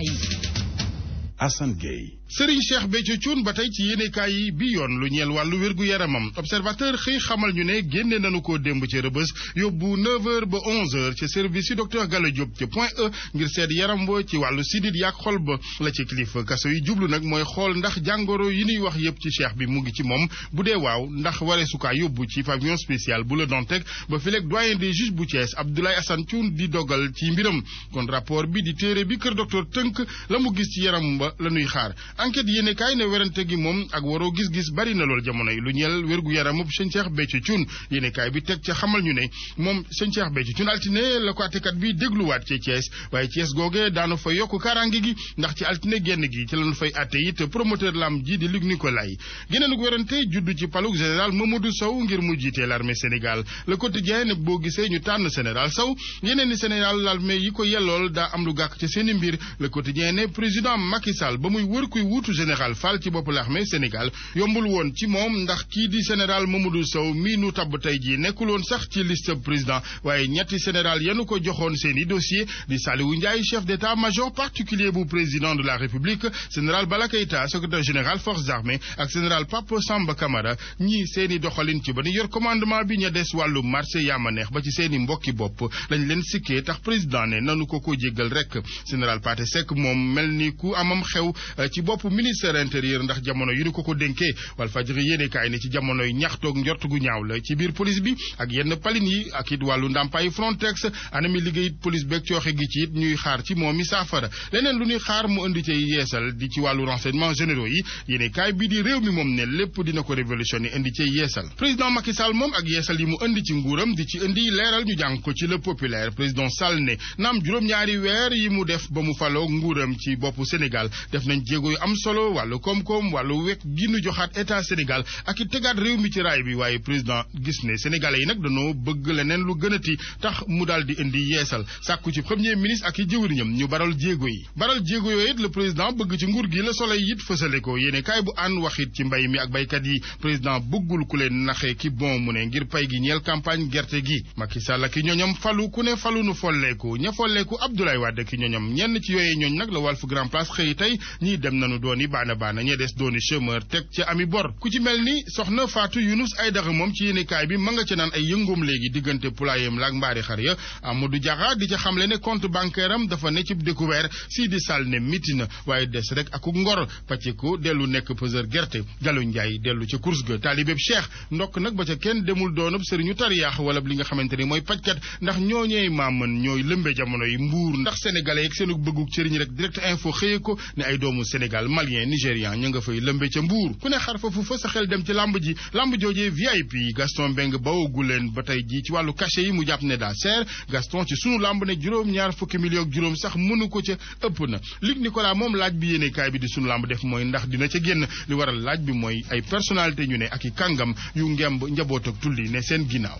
yi Assane Gueye Serigne Cheikh Béthio ba tey ci yéenekaay yi bi yoon lu ñeel wàllu wérgu yaramam observateur xëy xamal ñu ne génne nañu ko démb ca rëbës yóbbu 9h ba 11h service yi docteur Gallo Diop ca point E ngir seet yaram ba ci wàllu sidit yaak xol ba la ci kilifa kaso yi jublu nag mooy xool ndax jàngoro yi nuy wax yépp ci cheikh bi mu ngi ci moom bu dee waaw ndax waree yóbbu ci pavillon spécial bu la Dantec ba fileeg doyen des juges bu Thiès Abdoulaye Assane Thioune di dogal ci mbiram kon rapport bi di téere bi kër docteur tënk la mu gis yaram ba la ñuy xaar enquête yéene kaay ne werante gi moom ak waroo gis-gis bari na lool jamono yi lu ñeel wérgu yaramub sëñ Cheikh Béthio Thioune yéene kaay bi teg ca xamal ñu ne moom sëñ Cheikh Béthio altine la ko àttekat bi dégluwaat ci Thiès waaye Thiès googe daanu fa yokk kaaraange gi ndax ci altine genn gi ci lañu fay àtte it promoteur lam ji di Luc Nicolaï geneenug werante juddu ci palug général Mamadou Sow ngir mu jiite l'armée Sénégal le ñu tànn général Sow yeneen ni général l'armée yi ko yellool daa am lu gàkk ci seeni mbir Sall ba muy wër kuy wuutu général Fall ci bopp l'armée Sénégal yombul woon ci moom ndax kii di général Mamadou Sow mii nu tabb tey jii nekkul sax ci liste président waaye ñetti général yanu ko joxoon seeni dossier di Saliou Ndiaye chef d'état-major particulier bu président de la République général Bala Keïta secrétaire général forces armées ak général Pape Samba Camara ñii seeni doxalin ci ba nu yor commandement bi ña des wàllu marché yaama neex ba ci seeni mbokki bopp lañ leen sikkee tax président ne nanu ko ko jéggal rek général Pathé Seck moom mel ni xew eh, ci bopp ministère intérieur ndax jamono yu ni ko ko denkee dénkee Walfadjri yéenekaay ne ci jamonoy ñaxtoog njort gu ñaaw la ci biir police bi ak yenn palin yi ak it wàllu ndàmpaayu Frontex anami liggéey police beeg cooxe gi ci it ñuy xaar ci moom i saafara leneen lu ñuy xaar mu indi ci yeesal di ci wàllu renseignement généro yi yéenekaay bi di réew mi moom ne lépp dina ko révolutionner indi ci yeesal président Macky Sall moom ak yeesal yi mu indi ci nguuram di ci indi leeral ñu jàng ko ci le populaire président Sall ne naam juróom-ñaari weer yi mu def ba mu faloo nguuram ci boppu Sénégal def nañ jéego yi am solo wàllu koom-koom wàllu wekk gi nu joxaat état Sénégal ak i tegaat réew mi ci raay bi waaye président gis ne sénégalais yi nag dañoo bëgg leneen lu gënati tax mu daal di indi yeesal sàkku ci premier ministre ak i jëwriñam ñu baral jéego yi baral jéego yooyu it président bëgg ci nguur gi la Soleil it fësale ko yéene kaay bu ànd wax it ci mbay mi ak baykat yi président bëggul ku leen naxee ki bon mu ne ngir pay gi ñeel campagne gerte gi Macky Sall ak ñoñom falu ku ne nu folleeku ña folleeku Abdoulaye Wade ki ñoñom ñenn ci yooyee ñooñ nag la Walf Grand Place xëy tey ñii dem nañu dooni baana baana ñee des dooni chômeur teg ci ami bor ku ci mel ni soxna Fatou Younous Aydara moom ci yéenekaay bi ma nga ca naan ay yëngoom léegi diggante pulaayam laak mbaari xar ya Amadou Diarra di ca xamle ne compte bancaire am dafa ne ci découvert di sal ne miti na waaye des rek ak ngor pacciku dellu nekk peseur gerte Gallo Ndiaye dellu ca course ga taalibeb cheikh ndokk nag ba ca kenn demul doonab sëriñu tariyaax wala li nga xamante ni mooy pajkat ndax ñooñee maaman ñooy lëmbe jamono yi mbuur ndax sénégalais yeeg seenu sëriñ rek direct info xëye ko ne ay doomu Sénégal malien nigérian ñu nga fay lëmbe ca mbuur ku ne xar foofu fa sa xel dem ci làmb ji làmb joojee VIP Gaston Mbengue bawogu leen ba tey ji ci wàllu cachet yi mu jàpp ne daa seer Gaston ci sunu làmb ne juróom-ñaar fukki million juróom sax mënu ko ca ëpp na Luc Nicolas moom laaj bi yéene bi di sunu làmb def mooy ndax dina ca génn li waral laaj bi mooy ay personnalité ñu ne ak i kàngam yu ngemb njaboot ak tulli ne seen ginnaaw